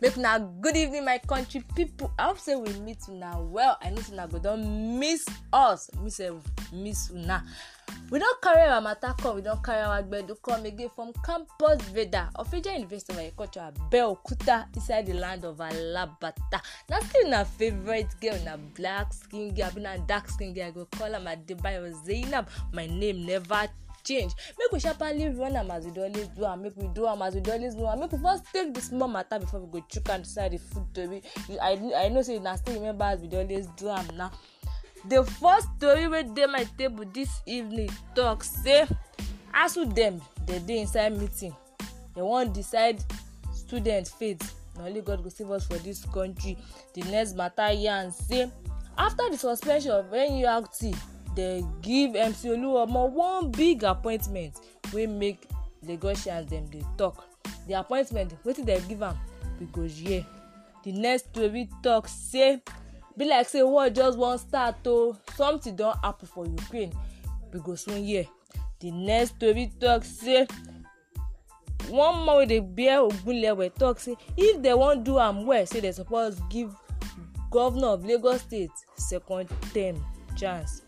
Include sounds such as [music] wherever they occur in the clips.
make una good evening my country pipo i hope say we meet una well i know say una go don miss us Miss, sef eh, miss una we don carry our matter come we don carry our gbedu come again from campus veda ofija university of agriculture abeokuta inside the land of alabata na still una favourite girl na black skin girl abi dark skin girl i go call am adebayo zainab my name never change make we sharparly run am as we dey always do am make we do am as we dey always do am make we first take the small matter before we go chook am inside the food tori i i know say na still remember as we dey always do am now the first tori wey dey my table this evening talk say asu dem dey dey inside meeting dem wan decide student fate na only god go save us for dis country the next matter yarn say after the suspension of nurt dem give mc oluomo one big appointment wey make lagosians dem dey talk. di appointment wetin dem give am we go hear di next tori tok say be like say war just wan start o something don happen for ukraine we go soon hear di next tori tok say one man wey dey bear ogunlewe tok say if dem wan do am well say dem suppose give governor of lagos state second term chance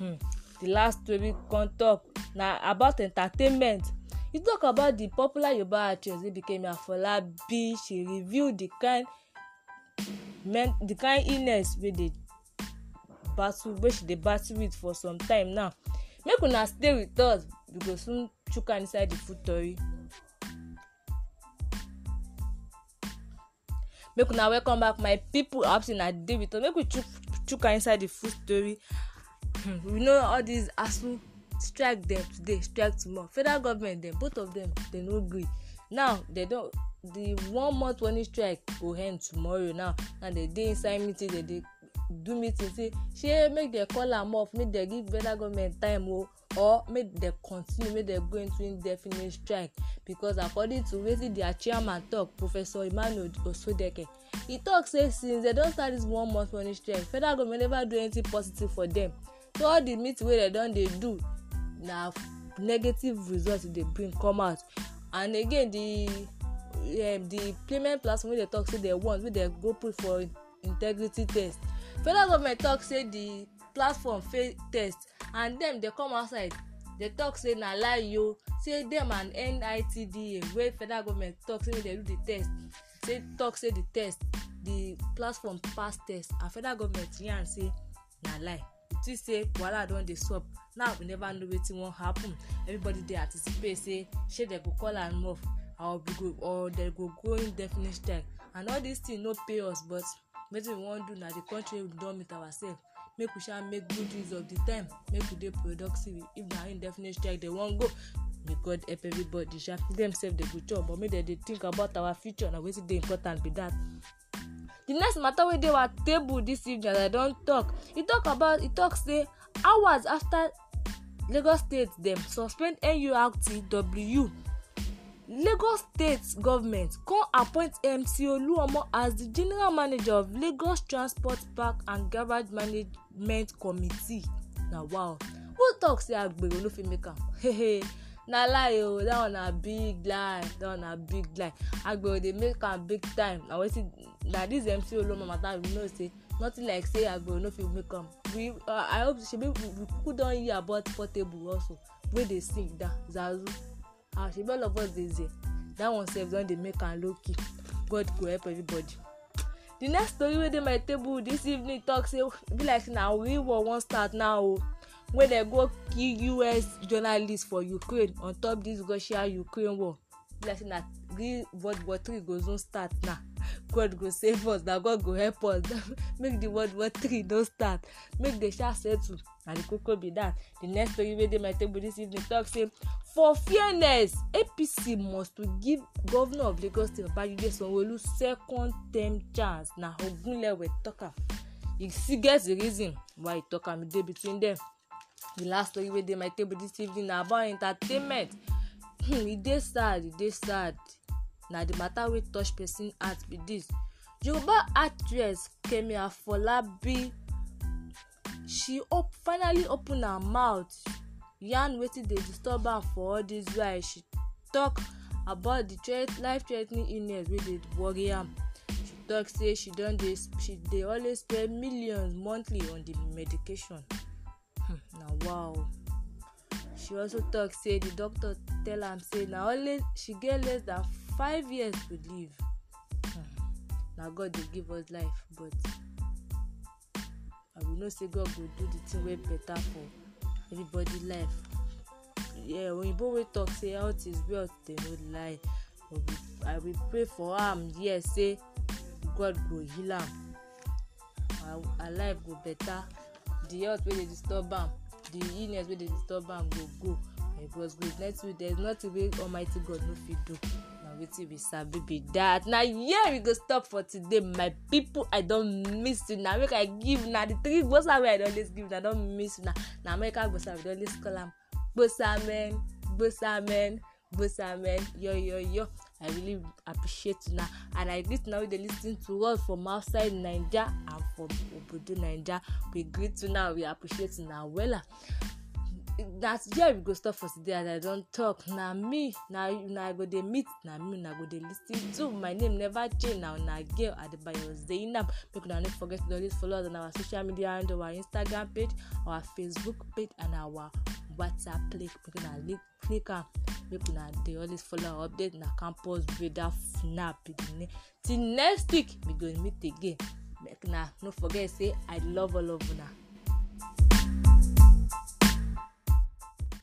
um the last story con talk na about entertainment e talk about the popular yoruba actress ibikemi afolabi she reveal the kind men the kind illness wey dey battle wey she dey battle with for some time now make una stay with us we go soon chook hand inside the food tori. make una welcome back my people i hope say una dey with us make we chook chook hand inside the food tori [laughs] we know all these asu strike dem today strike tomorrow federal government dem both of dem dey no gree now dey don the one month warning strike go end tomorrow now and dey dey inside meeting dey dey do meeting say shey make dem call am off make dem give federal government time o or make dem continue make dem go into indefinite strike because according to wetin their chairman talk professor emmanuel osodeke e talk say since dem don start this one month warning strike federal government never do anything positive for dem so all the meeting wey dem don dey do na negative result e dey bring come out and again the um, the payment platform wey dem talk say dem want wey dem go put for integrity test federal government talk say the platform fail test and dem dey come outside dey talk say na lie o say dem and nitda wey federal government talk say make dem do the test say talk say the test the platform pass test and federal government yarn say na lie see say wahala don dey sup now we never know wetin wan happen everybody dey anticipate say shey dem go call am off or we go or dem go go indefinite strike and all these thing no pay us but wetin we wan do na the country we don meet ourselves make we sha make good use of the time make we dey productive if na indefinite strike dem wan go may god help everybody sha dem sef dey go chop but make dem dey think about our future na wetin dey important be that the next matter wey dey our table this evening as i don talk e talk about e talk say hours after lagos state dem suspend nurtw lagos state government come appoint mc oluomo as the general manager of lagos transport park and garage management committee na wow who talk say agbero no fit make am na lie o oh, that one na big lie that one na big lie agbero dey make am big time na wetin na this mc olomo matter we know say nothing like say agbero no fit make am we uh, i hope shebi we kuku don hear about portable also wey dey sing da zazu ah shebi all of us dey there that one sef don dey make am low key god go help everybody the next story wey dey my table this evening talk say e be like say na real war wan start now o. Oh wey dem go kill us journalists for ukraine on top dis russia ukraine war be like say na real world war three go soon start na god go save us na god go help us [laughs] make the world war three no start make the sha settle na the koko be that the next story wey dey my table this evening talk say for fairness apc must to give governor of lagos state babajide sanwoolu second term chance na ogunlewe talk am e still get the reason why e talk am e dey between them the last story wey dey my table this evening na about entertainment hmm e dey sad e dey sad na the matter wey touch person heart be this yoruba actress kemi afolabi she op finally open her mouth yarn wetin dey disturb am for all this while she talk about the threat life threatening illness wey dey worry am she talk say she don dey she dey always spend millions monthly on the medication wow she also tok say the doctor tell am say na only she get less than five years to live hmm. na god dey give us life but i we know say god go do the thing wey better for everybody life yeah oyinbo wey talk say health is wealth dem no lie but i will pray for am here say god go heal am her life go better. The health wey dey disturb am the illness wey dey disturb am go go My god's grace next week there is nothing wey almighty god no fit do na wetin we sabi be that na here we go stop for today my people i don miss you. una make i give una the three gbosa wey i don always give una i don miss una na america gbosa we don always call am gbosamen gbosamen gbosa men yo yo yo i really appreciate una and i greet una wey dey lis ten to us from outside naija and from obodo naija we greet una we appreciate una wella na today we go stop for today as i don talk na me na una i go dey meet na me una go dey lis ten to my name never change na una girl adebayo zainab make una no forget to always follow us on our social media handle our instagram page our facebook page and our whatsapp link make una link click am make una dey always follow our update na campus radar fnap be the name till next week we go meet again make una no forget say i love all of una.